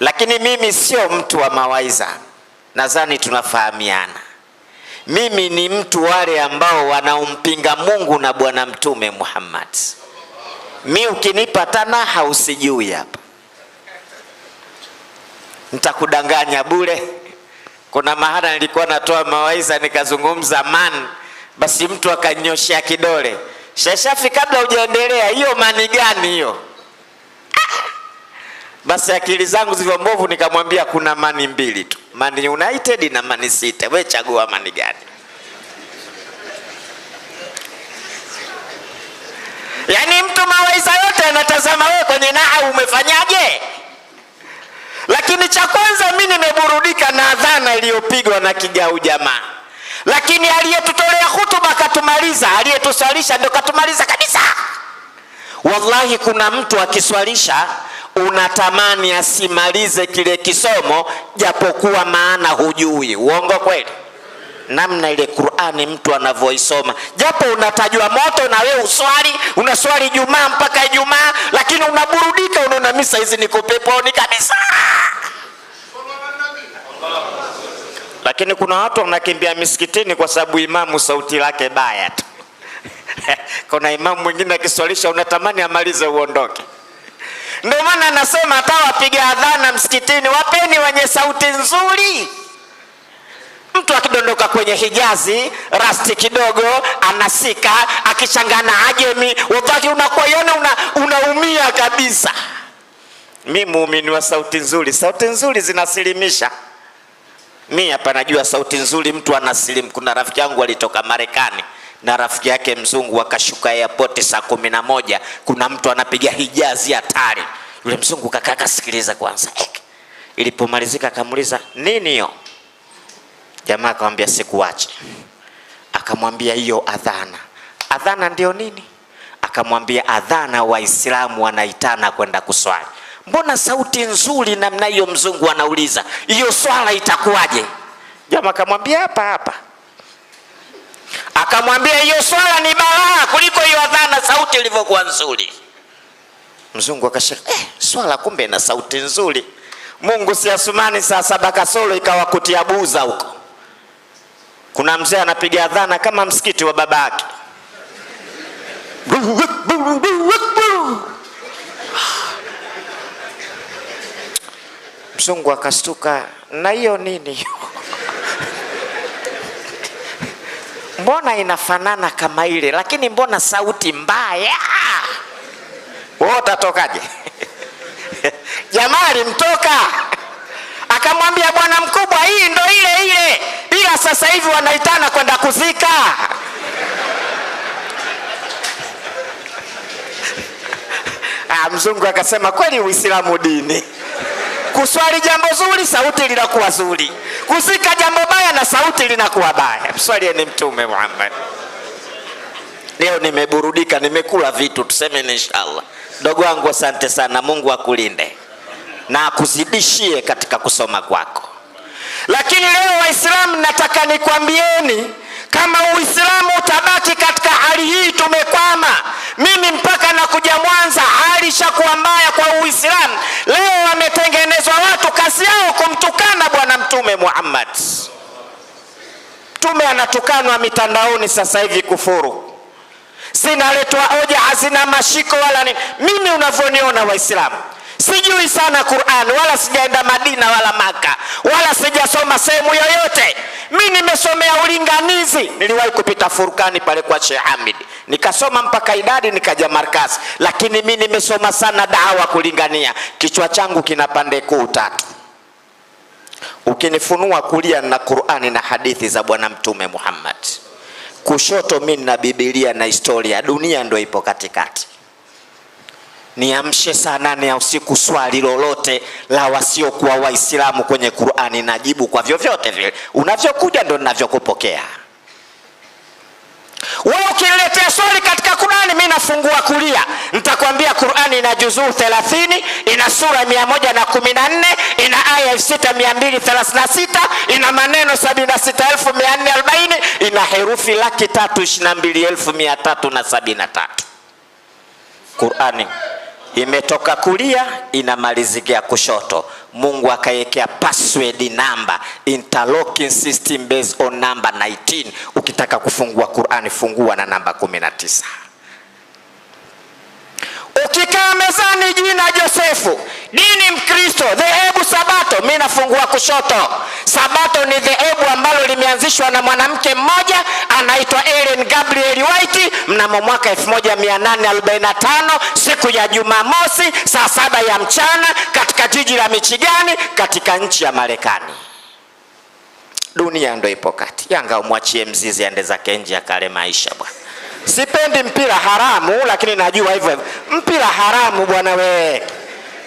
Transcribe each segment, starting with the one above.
Lakini mimi sio mtu wa mawaidha, nadhani tunafahamiana. Mimi ni mtu wale ambao wanaompinga Mungu na Bwana Mtume Muhammad. Mi ukinipa tanaha usijui hapa, nitakudanganya bure. Kuna mahala nilikuwa natoa mawaidha nikazungumza man, basi mtu akanyoshea kidole, Shashafi, kabla hujaendelea, hiyo mani gani hiyo? Basi akili zangu zilivyo mbovu, nikamwambia kuna mani mbili tu, mani United na mani City, wewe chagua mani gani? Yaani mtu mawaisa yote anatazama wewe kwenye naa umefanyaje. Lakini cha kwanza mimi nimeburudika na dhana iliyopigwa na Kigau jamaa, lakini aliyetutolea hutuba katumaliza, aliyetuswalisha ndio katumaliza kabisa. Wallahi, kuna mtu akiswalisha unatamani asimalize kile kisomo, japokuwa maana hujui. Uongo kweli? Namna ile Qur'ani mtu anavyoisoma, japo unatajwa moto na wewe uswali, unaswali Jumaa mpaka Ijumaa, lakini unaburudika, unaona misa hizi niko peponi kabisa. Lakini kuna watu wanakimbia misikitini kwa sababu imamu sauti lake baya tu. Kuna imamu mwingine akiswalisha unatamani amalize uondoke. Ndio maana anasema hata wapiga adhana msikitini, wapeni wenye sauti nzuri. Mtu akidondoka kwenye Hijazi rasti kidogo anasika, akichangana Ajemi wakati una, unaumia kabisa. Mi muumini wa sauti nzuri, sauti nzuri zinasilimisha. Mi hapa najua sauti nzuri, mtu anasilimu. Kuna rafiki yangu alitoka Marekani na rafiki yake mzungu wakashuka airport saa kumi na moja. Kuna mtu anapiga hijazi hatari. Yule mzungu kakaa kasikiliza kwanza, ilipomalizika akamuliza nini hiyo? Jamaa akamwambia sikuache. Akamwambia hiyo adhana. Adhana ndio nini? Akamwambia adhana, Waislamu wanaitana kwenda kuswali. Mbona sauti nzuri namna hiyo? Mzungu anauliza hiyo swala itakuwaje? Jamaa akamwambia hapa hapa akamwambia hiyo swala ni balaa kuliko hiyo adhana sauti ilivyokuwa nzuri. Mzungu akashika eh, swala kumbe na sauti nzuri. Mungu si Asumani, saa saba kasoro kutia Buza huko, kuna mzee anapiga adhana kama msikiti wa babake Mzungu akastuka, na hiyo nini? mbona inafanana kama ile, lakini mbona sauti mbaya? Wewe utatokaje? Jamaa alimtoka akamwambia, bwana mkubwa, hii ndo ile ile, ila sasa hivi wanaitana kwenda kuzika. Ah, mzungu akasema kweli Uislamu dini Kuswali jambo zuri, sauti linakuwa zuri. Kuzika jambo baya, na sauti linakuwa baya. Mswalieni Mtume Muhammad. Leo nimeburudika, nimekula vitu, tuseme ni inshallah. Ndogo wangu, asante sana. Mungu akulinde na akuzidishie katika kusoma kwako. Lakini leo Waislamu, nataka nikwambieni kama Uislamu utabaki katika hali hii, tumekwama. Mimi mpaka nakuja Mwanza, hali ishakuwa mbaya kwa Uislamu. Leo wametengenezwa watu, kazi yao kumtukana Bwana Mtume Muhammad. Mtume anatukanwa mitandaoni sasa hivi kufuru zinaletwa hoja hazina mashiko wala nini. Mimi unavyoniona, Waislamu sijui sana Qur'an, wala sijaenda Madina wala Maka, wala sijasoma sehemu yoyote. Mimi nimeso tume ya ulinganizi. Niliwahi kupita Furkani pale kwa Sheikh Hamid, nikasoma mpaka idadi, nikaja markazi, lakini mi nimesoma sana dawa kulingania. Kichwa changu kina pande kuu tatu. Ukinifunua kulia na Qur'ani na hadithi za Bwana Mtume Muhammad, kushoto mi na Biblia na historia, dunia ndo ipo katikati niamshe saa nane ya usiku swali lolote la wasiokuwa Waislamu kwenye Qur'ani, najibu kwa vyovyote vile. Unavyokuja ndo ninavyokupokea wewe. Ukiniletea swali katika Qur'ani, mimi nafungua kulia, nitakwambia Qur'ani ina juzuu 30, ina sura 114, ina aya 6236, ina maneno 76440, ina herufi laki tatu Qur'ani imetoka kulia inamalizikia kushoto. Mungu akawekea password namba, interlocking system based on number 19. Ukitaka kufungua Qur'ani fungua na namba 19. Ukikaa mezani jina Josefu, dini Mkristo, dhehebu Sabato, mi nafungua kushoto. Sabato ni dhehebu ambalo limeanzishwa na mwanamke mmoja anaitwa Ellen Gabriel White mnamo mwaka 1845 siku ya Jumamosi saa saba ya mchana katika jiji la Michigani katika nchi ya Marekani. Dunia ndo ipo kati, Yanga umwachie mzizi ende zake nje akale maisha bwana. Sipendi mpira haramu, lakini najua hivyo mpira haramu bwana we.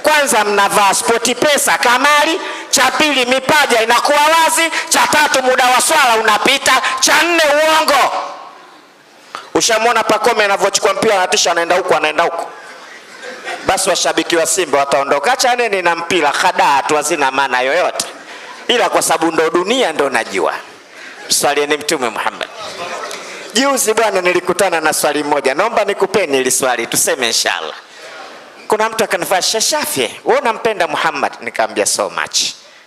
Kwanza mnavaa spoti pesa kamari, cha pili mipaja inakuwa wazi, cha tatu muda wa swala unapita, cha nne uongo. Ushamwona Pakome anavyochukua mpira anatisha, anaenda huku anaenda huku. Basi washabiki wa Simba wataondoka, nini na mpira, hadaa tu hazina maana yoyote, ila kwa sababu ndo dunia ndo najua. Msalieni Mtume Muhammad. Juzi bwana, nilikutana na swali moja, naomba nikupeni hili swali, tuseme inshallah. Kuna mtu akanifaa shashafye, wewe unampenda Muhammad? Nikamwambia so much,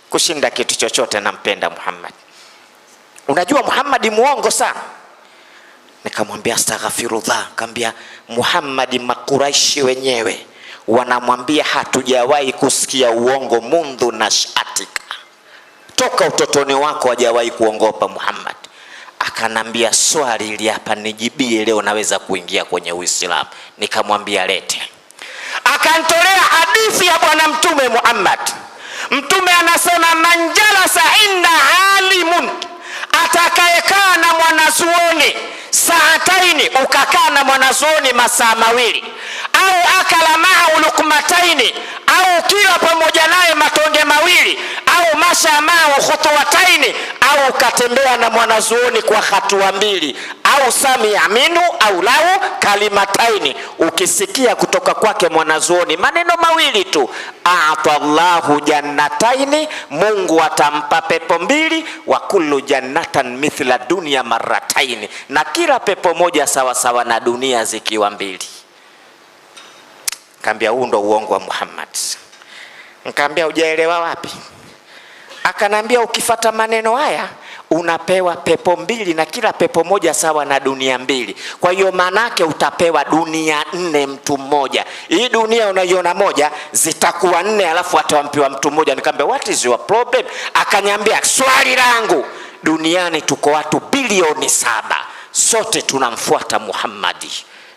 kushinda kitu chochote nampenda Muhammad. Unajua Muhammad muongo sana. Nikamwambia astaghfirullah. Nikamwambia Muhammad, makuraishi wenyewe wanamwambia hatujawahi kusikia uongo mundhu na shatika, toka utotoni wako hajawahi kuongopa Muhammad akanambia swali ili hapa nijibie, leo naweza kuingia kwenye Uislamu. Nikamwambia lete, akantolea hadithi ya Bwana Mtume Muhammad. Mtume anasema manjala sa inda alimun, atakayekaa na mwanazuoni saataini, ukakaa na mwanazuoni masaa mawili, au akala maa lukmataini, au kila pamoja naye matonge mawili fasha mao khutuwataini, au ukatembea na mwanazuoni kwa hatua mbili, au sami aminu au lau kalimataini, ukisikia kutoka kwake mwanazuoni maneno mawili tu, ata llahu jannataini, Mungu atampa pepo mbili, wa kullu jannatan mithla dunia marataini, na kila pepo moja sawasawa sawa na dunia zikiwa mbili. Kaambia huu ndo uongo wa Muhammad. Nkaambia ujaelewa wapi? Akanambia ukifata maneno haya unapewa pepo mbili, na kila pepo moja sawa na dunia mbili. Kwa hiyo maanake utapewa dunia nne mtu mmoja. Hii dunia unaiona moja, zitakuwa nne, alafu atawampiwa mtu mmoja. Nikambe, what is your problem? Akanyambia, swali langu, duniani tuko watu bilioni saba, sote tunamfuata Muhammadi.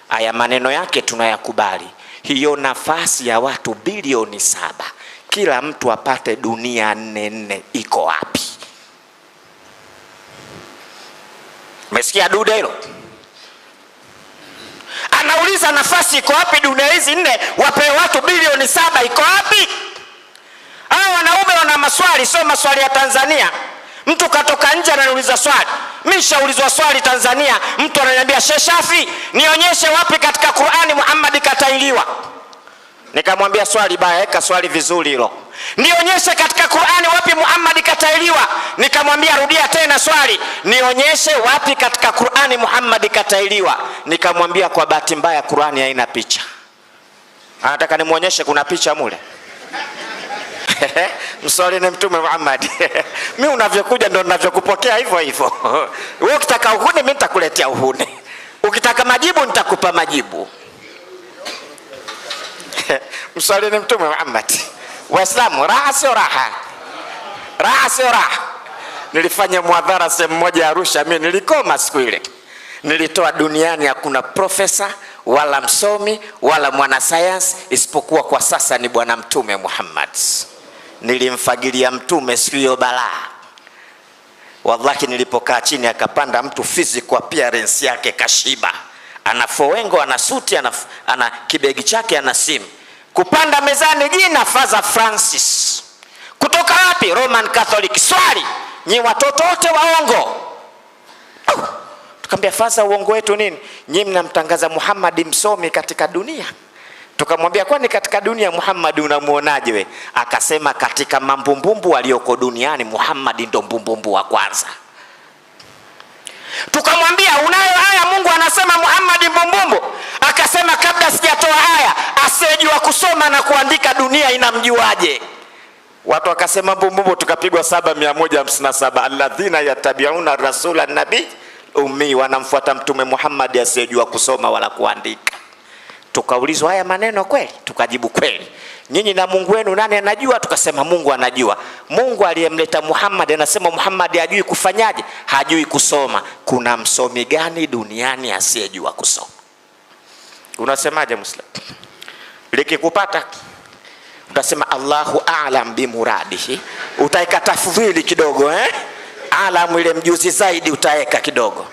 Haya maneno yake tunayakubali, hiyo nafasi ya watu bilioni saba kila mtu apate dunia nne nne iko wapi. mesikia duda hilo? Anauliza nafasi iko wapi dunia hizi nne, wapewe watu bilioni saba iko wapi? Hao wanaume wana maswali, sio maswali ya Tanzania. Mtu katoka nje ananiuliza swali, mi shaulizwa swali Tanzania, mtu ananiambia Sheikh Shafi, nionyeshe wapi katika Qur'ani Muhammad katailiwa Nikamwambia swali baya, eka swali vizuri hilo, nionyeshe katika Qur'ani wapi Muhammad katailiwa. Nikamwambia rudia tena swali, nionyeshe wapi katika Qur'ani Muhammad katailiwa. Nikamwambia kwa bahati mbaya Qur'ani haina picha. Anataka nimwonyeshe kuna picha mule mswali ni Mtume Muhammad mi unavyokuja ndo navyokupokea hivyo hivyo. Wewe ukitaka uhuni mi nitakuletea uhuni, ukitaka majibu nitakupa majibu ni Mtume Muhammad. Waislamu, raha sio raha, raha sio raha. Nilifanya mwadhara sehemu moja Arusha, mimi nilikoma siku ile, nilitoa duniani hakuna profesa wala msomi wala mwanasayansi isipokuwa kwa sasa ni Bwana Mtume Muhammad. Nilimfagilia Mtume siku hiyo balaa Wallahi, nilipokaa chini akapanda mtu physical appearance yake kashiba, ana fowengo, ana suti, ana, ana kibegi chake, ana simu kupanda mezani jina Father Francis kutoka wapi? Roman Catholic. Swali nyi watoto wote waongo. Oh, tukamwambia Father, uongo wetu nini? Nyi mnamtangaza Muhammad msomi katika dunia. Tukamwambia kwani katika dunia Muhammad unamuonaje we? Akasema katika mambumbumbu walioko duniani Muhammad ndo mbumbumbu wa kwanza. Tukamwambia unayo haya, Mungu anasema Muhammad mbumbumbu. Akasema kabla sijatoa haya asiyejua kusoma na kuandika dunia inamjuaje? Watu wakasema mbumbumo, tukapigwa saba mia moja hamsini na saba alladhina yatabiuna rasula nabi ummi, wanamfuata Mtume Muhammad asiyejua kusoma wala kuandika. Tukaulizwa haya maneno kweli? Tukajibu kweli. Nyinyi na Mungu wenu nani anajua? Tukasema Mungu anajua. Mungu aliyemleta Muhammad anasema Muhammad hajui kufanyaje, hajui kusoma. Kuna msomi gani duniani asiyejua kusoma? Unasemaje Muislamu? likikupata utasema Allahu a'lam bimuradihi, utaeka tafdhili kidogo eh? Alamu ile mjuzi zaidi utaeka kidogo.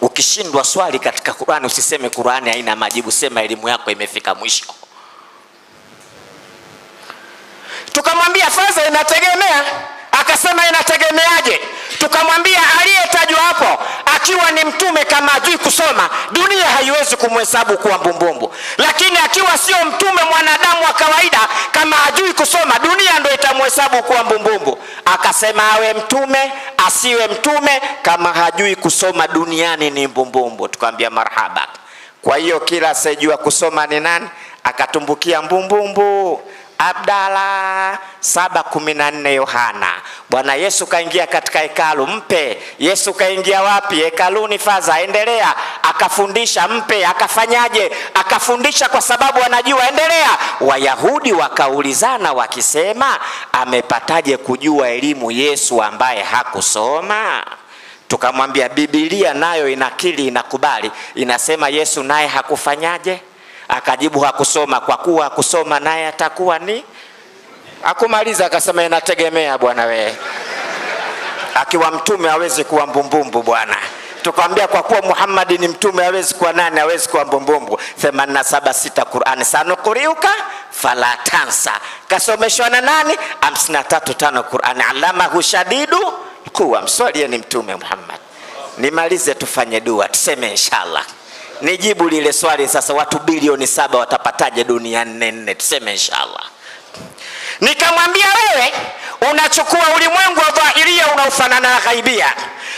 Ukishindwa swali katika Qur'ani usiseme Qur'ani haina majibu, sema elimu yako imefika mwisho. Tukamwambia fadha inategemea, akasema inategemeaje? Tukamwambia aliyetajwa hapo akiwa ni mtume kama ajui kusoma huwezi kumhesabu kuwa mbumbumbu. Lakini akiwa sio mtume, mwanadamu wa kawaida, kama hajui kusoma, dunia ndo itamhesabu kuwa mbumbumbu. Akasema awe mtume asiwe mtume, kama hajui kusoma, duniani ni mbumbumbu. Tukamwambia marhaba. Kwa hiyo kila asiyejua kusoma ni nani? Akatumbukia mbumbumbu. Abdala 7:14 Yohana. Bwana Yesu kaingia katika hekalu, mpe. Yesu kaingia wapi? Hekaluni. Faza, endelea. Akafundisha, mpe. Akafanyaje? Akafundisha kwa sababu anajua. Endelea. Wayahudi wakaulizana wakisema, amepataje kujua elimu Yesu ambaye hakusoma? Tukamwambia Biblia nayo inakili, inakubali, inasema Yesu naye hakufanyaje Akajibu hakusoma kwa kuwa kusoma naye atakuwa ni akumaliza. Akasema inategemea bwana, we akiwa mtume hawezi kuwa mbumbumbu bwana. Tukamwambia kwa kuwa Muhammad ni mtume hawezi kuwa nani? Hawezi kuwa mbumbumbu. 876 Qur'an sanukuriuka fala tansa, kasomeshwa na nani? 535 Qur'an allamahu shadidu kuwa mswalie ni mtume Muhammad. Nimalize tufanye dua tuseme inshallah nijibu lile swali sasa, watu bilioni saba watapataje dunia nne nne? Tuseme inshallah. Nikamwambia wewe unachukua ulimwengu wa dhahiria unaofanana na ghaibia,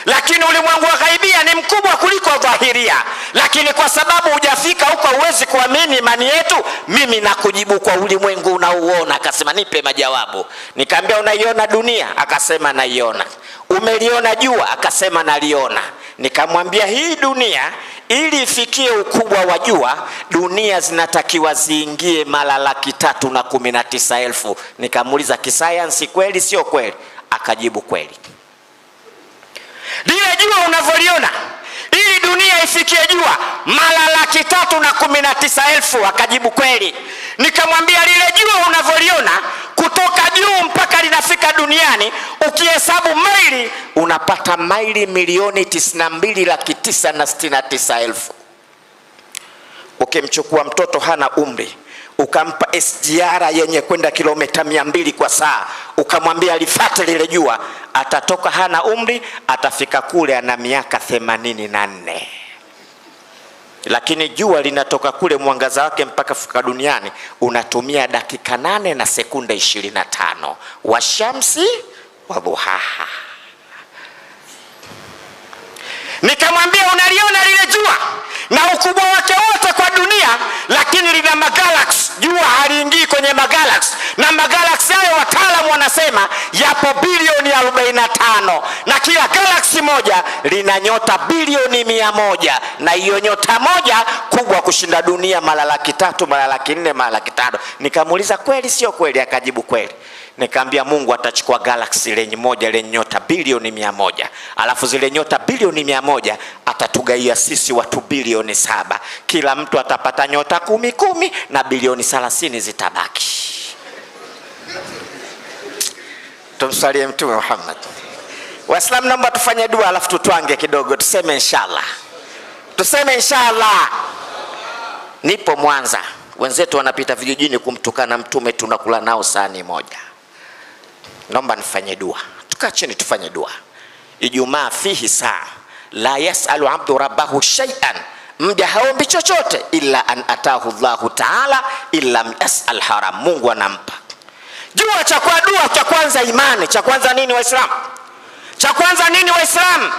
lakini ulimwengu wa ghaibia ni mkubwa kuliko dhahiria, lakini kwa sababu hujafika huko huwezi kuamini imani yetu. Mimi nakujibu kwa ulimwengu unaouona. Akasema nipe majawabu. Nikaambia unaiona dunia? Akasema naiona. Umeliona jua? Akasema naliona. Nikamwambia hii dunia ili ifikie ukubwa wa jua, dunia zinatakiwa ziingie mara laki tatu na kumi na tisa elfu. Nikamuuliza kisayansi, kweli sio kweli? Akajibu kweli. Lile jua unavyoliona ili dunia ifikie jua mara laki tatu na kumi na tisa elfu. Akajibu kweli. Nikamwambia lile jua unavyoliona kutoka juu mpaka unaofika duniani ukihesabu maili unapata maili milioni 92 laki 9 na 69 elfu. Ukimchukua mtoto hana umri ukampa SGR yenye kwenda kilomita mia mbili kwa saa, ukamwambia lifate lile jua, atatoka hana umri, atafika kule ana miaka themanini na nne lakini jua linatoka kule mwangaza wake mpaka fika duniani unatumia dakika nane na sekunde ishirini na tano wa shamsi wa dhuhaha. Nikamwambia, unaliona lile jua na ukubwa wake wote kwa dunia, lakini lina magalaksi. Jua haliingii kwenye magalaksi, na magalaksi hayo wataalamu wanasema yapo bilioni 45 na kila galaksi moja lina nyota bilioni mia moja na hiyo nyota moja kubwa kushinda dunia mara laki tatu mara laki nne mara laki tano. Nikamuuliza, kweli sio kweli? Akajibu kweli. Nikaambia Mungu atachukua galaksi lenye moja lenye nyota bilioni mia moja alafu zile nyota bilioni mia moja atatugaia sisi watu bilioni saba. Kila mtu atapata nyota kumi kumi na bilioni thelathini zitabaki. Tumsalie Mtume Muhammad. Waislam, naomba tufanye dua alafu tutwange kidogo, tuseme inshallah, tuseme inshallah. Nipo Mwanza, wenzetu wanapita vijijini kumtukana Mtume, tunakula nao sahani moja. Naomba nifanye dua, tukaa chini tufanye dua. Ijumaa fihi saa la yasalu abdu rabbahu shay'an, mja haombi chochote, illa an atahu llahu taala illam yasal haram, Mungu anampa Jua cha kwa dua cha kwanza imani, cha kwanza nini Waislamu? Cha kwanza nini Waislamu?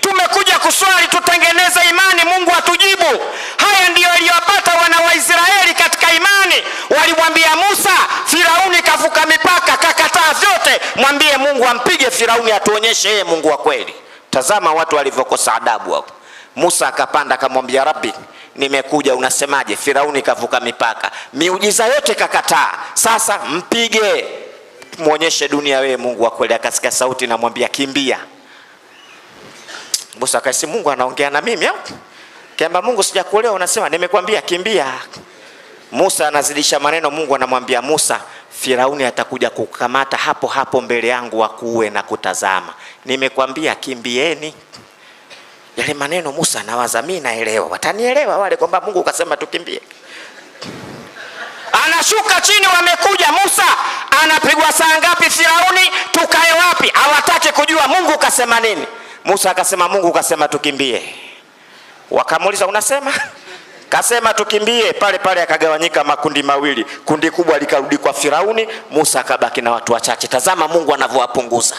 Tumekuja kuswali tutengeneze imani, Mungu atujibu. Haya ndiyo iliyopata wana wa Israeli katika imani. Walimwambia Musa, Firauni kavuka mipaka, kakataa vyote, mwambie Mungu ampige Firauni, atuonyeshe yeye Mungu wa kweli. Tazama watu walivyokosa adabu hapo. Musa akapanda akamwambia Rabbi nimekuja, unasemaje? Firauni kavuka mipaka, miujiza yote kakataa. Sasa mpige, muonyeshe dunia wewe Mungu wa kweli. Akasikia sauti namwambia kimbia. Musa akasi, Mungu anaongea na mimi au? Kiamba Mungu sijakuelewa, unasema nimekwambia kimbia. Musa anazidisha maneno, Mungu anamwambia Musa, Firauni atakuja kukamata hapo hapo mbele yangu, wakuue na kutazama. Nimekwambia kimbieni yale maneno Musa anawaza, mimi naelewa, watanielewa wale kwamba Mungu kasema tukimbie. Anashuka chini, wamekuja. Musa anapigwa saa ngapi? Firauni tukae wapi? Hawataki kujua Mungu kasema nini. Musa akasema, Mungu kasema tukimbie. Wakamuuliza, unasema kasema tukimbie. Pale pale akagawanyika makundi mawili, kundi kubwa likarudi kwa Firauni, Musa akabaki na watu wachache. Tazama Mungu anavyowapunguza.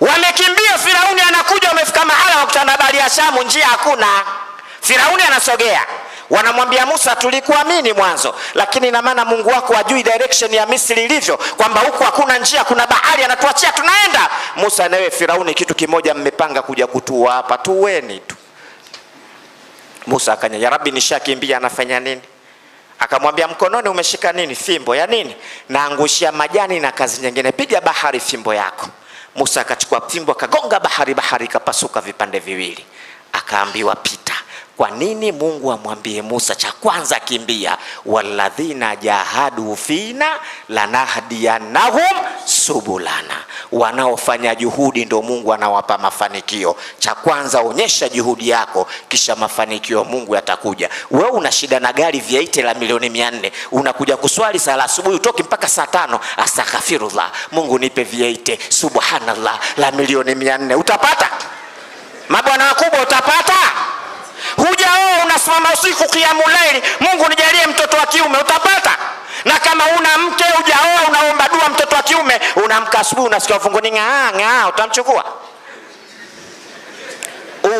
Wamekimbia, Firauni anakuja, wamefika mahala wakutana na bahari ya Shamu, njia hakuna. Firauni anasogea, wanamwambia Musa, tulikuamini mwanzo, lakini ina maana Mungu wako ajui direction ya Misri ilivyo, kwamba huku hakuna njia, kuna bahari, anatuachia tunaenda. Musa nawe Firauni, kitu kimoja mmepanga kuja kutua hapa, tuweni tu. Musa akanya, ya Rabbi, nishakimbia, anafanya nini? Akamwambia, mkononi umeshika nini? Fimbo ya nini? Naangushia majani na kazi nyingine, piga bahari fimbo yako. Musa akachukua fimbo akagonga bahari, bahari ikapasuka vipande viwili, akaambiwa pita. Kwa nini Mungu amwambie Musa, cha kwanza kimbia, walladhina jahadu fina lanahdiyanahum subulana, wanaofanya juhudi ndo Mungu anawapa mafanikio. Cha kwanza onyesha juhudi yako, kisha mafanikio Mungu yatakuja. Wewe una shida na gari vyaite la milioni mia nne, unakuja kuswali sala asubuhi, utoki mpaka saa tano, astaghfirullah, Mungu nipe vyaite subhanallah la milioni mia nne. Utapata mabwana wakubwa, utapata kusimama usiku kiamu laili, Mungu nijalie mtoto wa kiume, utapata. Na kama una mke ujaoa, unaomba dua mtoto wa kiume, unamka asubuhi, unasikia ufunguni ng'aa ng'aa, utamchukua?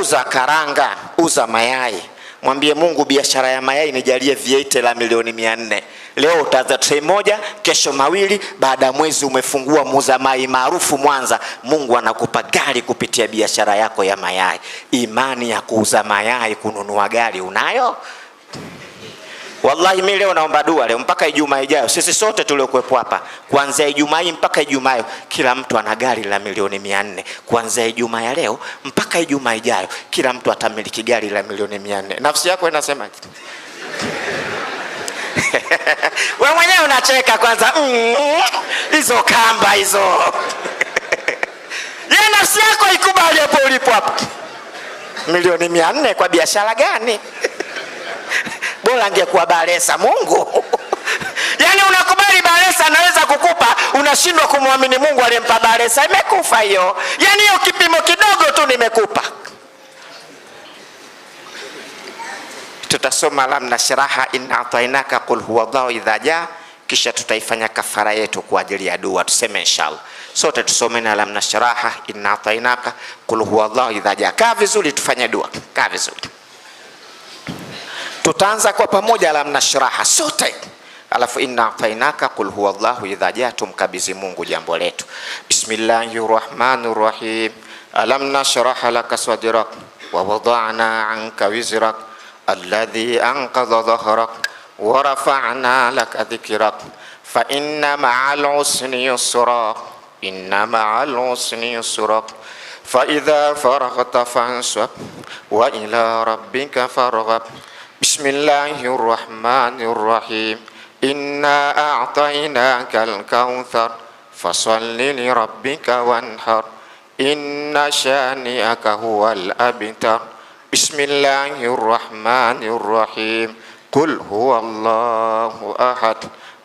Uza karanga, uza mayai Mwambie Mungu biashara ya mayai nijalie viete la milioni mia nne. Leo utaanza trei moja, kesho mawili, baada ya mwezi umefungua muuza mayai maarufu Mwanza. Mungu anakupa gari kupitia biashara yako ya mayai. Imani ya kuuza mayai kununua gari unayo? Wallahi mimi leo naomba dua leo mpaka Ijumaa ijayo, sisi sote tuliokuwepo hapa kuanzia Ijumaa hii mpaka Ijumaa, hiyo kila mtu ana gari la milioni 400. kuanzia Ijumaa ya leo mpaka Ijumaa ijayo, kila mtu atamiliki gari la milioni 400. Nafsi yako inasema kitu. wewe mwenyewe unacheka kwanza, mm, mm, hizo mm, kamba hizo ye nafsi yako ikubali hapo ulipo hapo, milioni 400 kwa biashara gani? bora angekuwa baresa mungu yani, unakubali baresa anaweza kukupa unashindwa kumwamini mungu aliyempa baresa imekufa hiyo yani, hiyo kipimo kidogo tu nimekupa tutasoma lamna shiraha in atainaka qul huwa llahu idha ja, kisha tutaifanya kafara yetu kwa ajili ya dua tuseme inshallah sote na alamna shiraha in atainaka qul huwa llahu idha ja. kaa vizuri tufanye dua kaa vizuri tutaanza kwa pamoja, alam nashraha sote, alafu inna fainaka kul huwa huwallahu idha jaa, tumkabidhi Mungu jambo letu. bismillahirrahmanirrahim rahmanir rahim, alam nashraha laka sadrak wa wada'na anka wizrak alladhi anqadha dhahrak wa rafa'na laka dhikrak fa inna ma'al usri yusra inna ma'al usri yusra فإذا فرغت فانصب وإلى ربك فارغب بسم الله الرحمن الرحيم إنا أعطيناك الكوثر فصل لربك وانحر إن شانئك هو الأبتر بسم الله الرحمن الرحيم قل هو الله أحد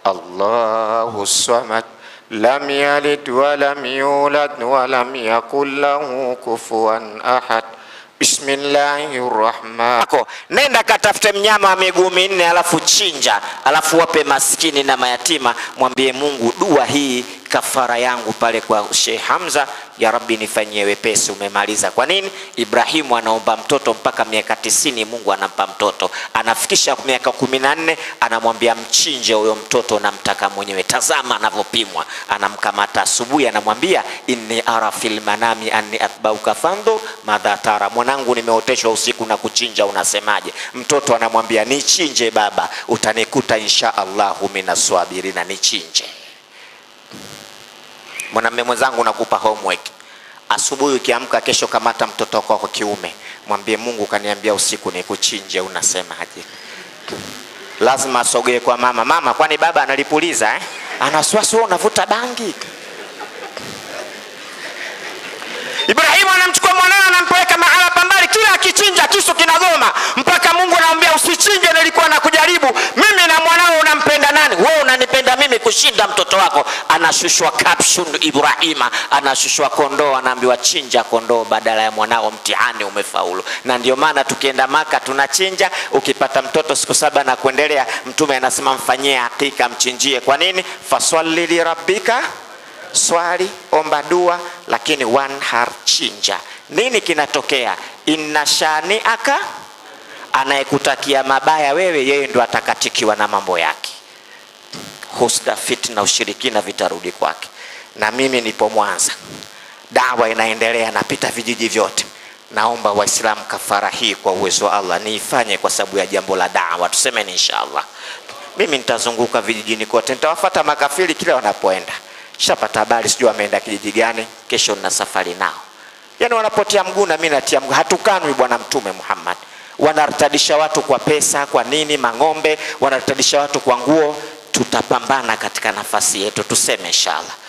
الله الصمد لم يلد ولم يولد ولم يكن له كفوا أحد Bismillahirrahmanirrahim. Nenda katafute mnyama wa miguu minne, alafu chinja, alafu wape maskini na mayatima, mwambie Mungu dua hii kafara yangu pale kwa Sheikh Hamza, ya Rabbi nifanyie wepesi. Umemaliza. Kwa nini? Ibrahimu anaomba mtoto mpaka miaka tisini, Mungu anampa mtoto. Anafikisha miaka kumi na nne, anamwambia mchinje huyo mtoto, namtaka mwenyewe. Tazama anavyopimwa, anamkamata asubuhi, anamwambia inni ara fil manami anni atbauka fandhu madha tara, mwanangu, nimeoteshwa usiku na kuchinja, unasemaje? Mtoto anamwambia nichinje baba, utanikuta insha Allahu minaswabirina, nichinje Mwanamume mwenzangu, nakupa homework. Asubuhi ukiamka kesho, kamata mtoto wako kiume, mwambie Mungu kaniambia usiku nikuchinje, unasema aje? Lazima asogee kwa mama. Mama, kwani baba analipuliza eh? Anawasiwasi wewe unavuta bangi. Ibrahimu anamchukua mwanawe anampeleka mahala pambali, kila akichinja kisu kinagoma, mpaka Mungu anamwambia usichinje, nilikuwa nakujaribu kushinda mtoto wako, anashushwa kapsun Ibrahima, anashushwa kondoo, anaambiwa chinja kondoo badala ya mwanao, mtihani umefaulu. Na ndio maana tukienda Maka tunachinja, ukipata mtoto siku saba na kuendelea, Mtume anasema mfanyie hakika, mchinjie. Kwa nini? li lirabbika swali, omba dua, lakini wanhar, chinja. Nini kinatokea? inna shaniaka, anayekutakia mabaya wewe, yeye ndo atakatikiwa na mambo yake kusta, fitna, ushirikina vitarudi kwake. Na mimi nipo Mwanza, dawa inaendelea, napita vijiji vyote. Naomba Waislamu, kafara hii kwa uwezo wa Allah niifanye kwa sababu ya jambo la dawa, tusemeni inshallah. Mimi nitazunguka vijijini kote, nitawafuata makafiri kila wanapoenda. Shapata habari, sijui wameenda kijiji gani, kesho nina safari nao. Yani wanapotia mguu na mimi natia mguu, hatukanwi Bwana Mtume Muhammad. Wanartadisha watu kwa pesa, kwa nini? Mang'ombe wanartadisha watu kwa nguo tutapambana katika nafasi yetu, tuseme inshallah.